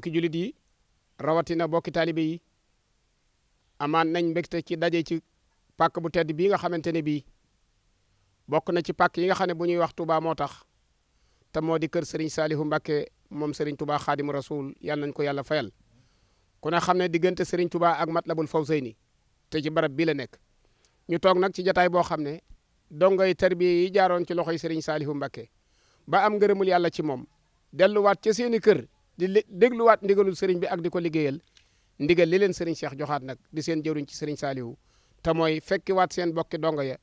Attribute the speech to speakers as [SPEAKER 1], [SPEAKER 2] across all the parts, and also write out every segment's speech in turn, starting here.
[SPEAKER 1] bokki julit yi rawatina bokki taalibe yi amaan nañ mbégte ci daje ci pak bu tedd bii nga xamante ne bii bokk na ci pak yi nga xam ne bu ñuy wax Touba moo tax te moo di kër Serigne Salihu Mbacke moom Serigne Touba xaadimu rasul yàlla nañ ko yàlla fayal ko ne xam ne diggante Serigne Touba ak Matlabul Fawzayni te ci barab bii la nekk ñu toog nag ci jataay boo xam ne dongoy tarbiya yi jaaroon ci loxo yi Serigne Salihu Mbacke ba am ngërëmul yàlla ci moom delluwaat ca seeni kër. di dégluwaat ndigalul seriñ bi ak di ko liggéeyal ndigal li leen sëriñ Cheikh joxaat nag di seen jëruñ ci sëriñ Saliou te mooy fekkiwaat seen bokki dongo ya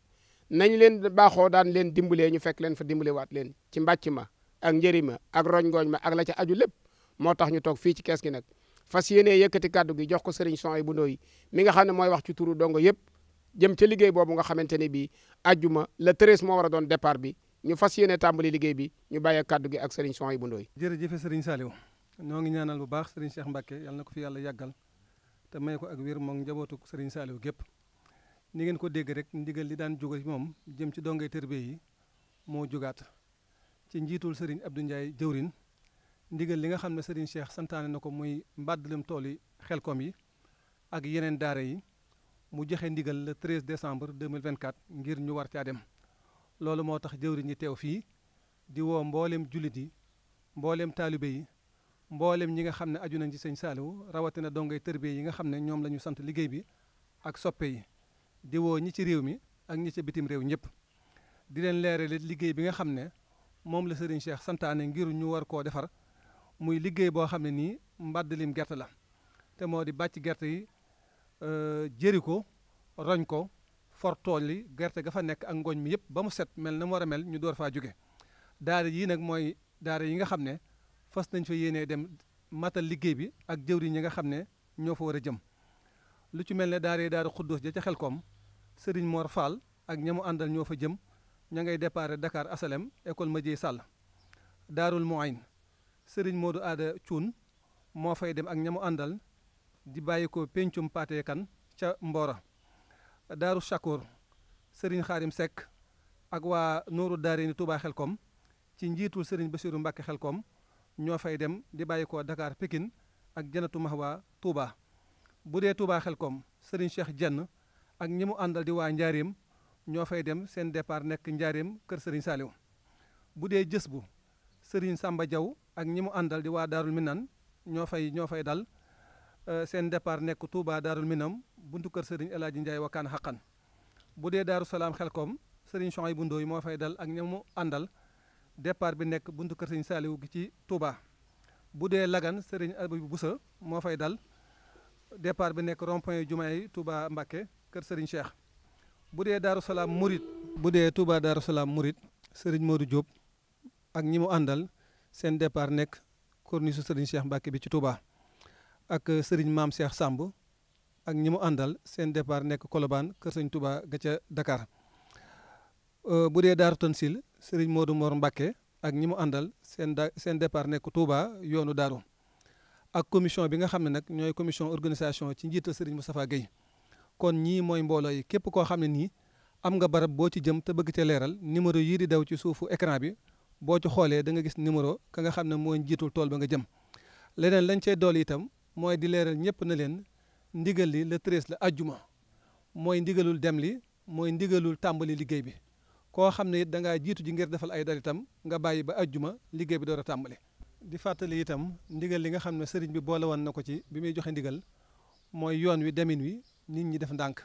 [SPEAKER 1] nañ leen baaxoo daan leen dimbalee ñu fekk leen fa dimbalewaat leen ci mbàcc ma ak njëri ma ak roñ-ngooñ ma ak la ca aju lépp moo tax ñu toog fii ci kees gi nag fas yéenee yëkkati kàddu gi jox ko sëriñ yi bu Ndoy mi nga xam ne mooy wax ci turu dongo yëpp jëm ca liggéey boobu nga xamante ne bii ajjuma le treize moo war a doon départ bi ñu fas yéene tàmbali liggéey bi ñu bàyyee kàddu gi ak sëriñ Soy bu Ndoy
[SPEAKER 2] jërëjëf sëriñ Saliou noo ngi ñaanal bu baax sëriñ Cheikh Mbacke yàlla na ko fi yàlla yàggal te may ko ak wér moom njabootu sëriñ Saliou gépp ni ngeen ko dégg rek ndigal li daan jóge moom jëm ci dongay tërbe yi moo jugaat ci njiitul sëriñ Abdou Ndiaye jëwrin ndigal li nga xam ne sëriñ Cheikh santaane na ko muy mbàddalum tool yi xelkom yi ak yeneen daara yi mu joxe ndigal la 13 décembre 2024 ngir ñu war caa dem loolu moo tax jëwriñ ñi teew fii di woo mboolem jullit yi mboolem taalibe yi mboolem ñi nga xam ne aju nañ ci sëñ Saliou rawatina dongay tërbiye yi nga xam ne ñoom la ñu sant liggéey bi ak soppe yi diwoo ñi ci réew mi ak ñi ci bitim réew ñëpp di leen leerale liggéey bi nga xam ne moom la sëriñ Cheikh santaane ngir ñu war koo defar muy liggéey boo xam ne nii mbaddalim gerte la te moo di bàcc gerte yi euh, jëri ko roñ ko for tool yi gerte ga fa nekk ak ngooñ mi yëpp ba mu set mel na mu war a mel ñu door faa jóge daara yii nag mooy daara yi nga xam ne fas nañ fa yéenee dem matal liggéey bi ak jëwriñ yi nga xam ne ñoo fa war a jëm lu ci mel ne daaree daara xuddoos ja ca xelkoom sëriñ moor Fall ak ñamu àndal ñoo fa jëm ña ngay déparé Dakar asalem école Madieye Sall daarul Mouayn sëriñ Modou Aada Cuun moo fay dem ak ñamu àndal di bàyyi ko pencum paatee kan ca mboora daaru Chakour sëriñ Xaarim Seck ak waa nooru daare ni Touba xelkom ci njiitul sëriñ Bassirou xel koom ñoo fay dem di bàyyi ko dakaar Pikine ak Janatu Mahwa Touba bu dee xel Xelkom Serigne Cheikh Jenn ak ñi mu àndal di waa Njaareem ñoo fay dem seen départ nekk Njaareem kër sëriñ Saliou bu dee jës bu Serigne Samba jaw ak ñi mu àndal di waa Daarul Minan ñoo fay ñoo fay dal euh, seen départ nekk Touba Daarul Minam buntu kër Serigne El Hadji Ndiaye wakkaan xaqan bu dee Daaru Salaam Xelkom Serigne Chouaïbou Ndoye moo fay dal ak ñi mu àndal départ bi nekk buntu kër sëñ gi ci Touba bu dee Lagan sëriñ Abibu Busa moo fay dal départ bi nekk rond point jumaay Touba Mbakke kër sëriñ Cheikh bu dee Daaru Salaam Murit bu dee Touba Daaru Salaam Murit sëriñ Modou Diop ak ñi mu àndal seen départ nekk corniche su sëriñ Cheikh Mbakke bi ci Touba ak euh, sëriñ Maam Cheikh Samb ak ñi mu àndal seen départ nekk Colobane kër sëriñ Touba ga ca Dakar euh, bu dee Daaru Tansil sëriñ Modou Mor Mbacké ak ñi mu àndal seen da seen départ nekk Touba yoonu Daaru ak commission bi nga xam ne nag ñooy commission organisation ci njiital sëriñ Moustapha Guèye kon ñii mooy mbooloo yi képp koo xam ne nii am nga barab boo ci jëm te bëgg ca leeral numéro yii di daw ci suufu écran bi boo ci xoolee da nga gis numéro ka nga xam ne mooy njiitul tool ba nga jëm leneen lañ cey dool itam mooy di leeral ñëpp na leen ndigal li le treize la ajjuma mooy ndigalul dem li mooy ndigalul tàmbali liggéey bi koo xam ne it da ngaa jiitu ji ngir defal ay dara itam nga bàyyi ba ajjuma liggéey bi door a tàmbale di fàttali itam ndigal li nga xam ne sëriñ bi boole woon na ko ci bi muy joxe ndigal mooy yoon wi demin wi nit ñi def ndànk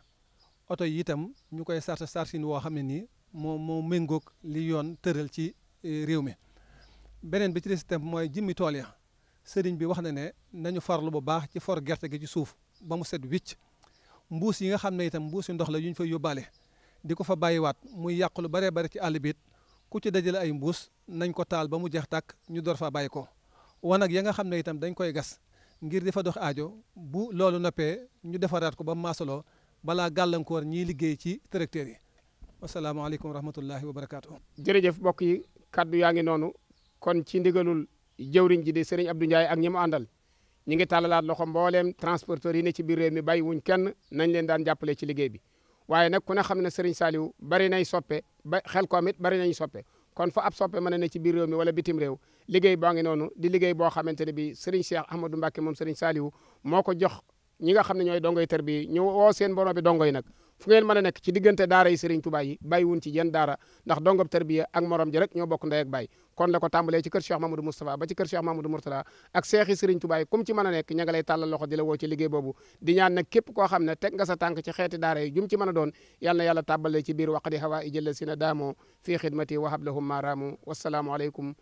[SPEAKER 2] oto yi itam ñu koy sarta sarsin woo xam ne nii moo moo méngoog li yoon tëral ci e, réew mi beneen bi ci des itam mooy jimmi tool ya sëriñ bi wax na ne nañu farlu bu baax ci for gerte gi ci suuf ba mu set wicc mbuus yi nga xam ne itam mbuusi ndox la yu ñu fay yóbbaale di ko fa bàyyiwaat muy yàq lu baree bari ci àll bi ku ci dajale ay mbuus nañ ko taal ba mu jeex tàkk ñu door fa bàyyi ko wanag ya nga xam ne itam dañ koy gas ngir di fa dox aajo bu loolu noppee ñu defaraat ko ba maasaloo balaa gàllankoor ñiy liggéey ci tracteurs yi asalaamaaleykum wa rahmatullahi wa barakaatu.
[SPEAKER 1] jërëjëf mbokk yi kaddu yaa ngi noonu kon ci ndigalul jëwriñ ji de di Serigne Abdou Ndiaye ak ñi mu àndal ñu ngi tàllalaat loxo mbooleem transporteur yi ne ci biir réew mi bàyyi leen daan jàppale ci liggéey bi. waaye nag ku ne xam ne Serigne Saliou bari nay soppe ba xel koom it bari nañ soppe kon fa ab soppe mën a ne ci biir réew mi wala bitim réew liggéey baa ngi noonu di liggéey boo xamante ne bii Serigne Cheikh Ahmadou Mbacke moom Serigne Saliou moo ko jox ñi nga xam ne ñooy dongoy ter bi ñu woo seen borom bi dongo yi nag fu ngeen mën a nekk ci diggante daara yi Serigne Touba yi bàyyi wun ci yenn daara ndax dongob tarbiya ak morom ji ñoo bokk ndey ak bàyyi kon la ko tàmbalee ci kër Cheikh Mamadou Moustapha ba ci kër Cheikh Mamadou Mourtala ak seexi Serigne Touba yi kum ci mën a nekk ña nga lay tàllal loxo di la woo ci liggéey boobu di ñaan nag képp koo xam ne teg nga sa ci xeeti daara yi jum ci mën a doon yal na yàlla tàbbale ci biir wa hablahum maaraamu wasalaamu aleykum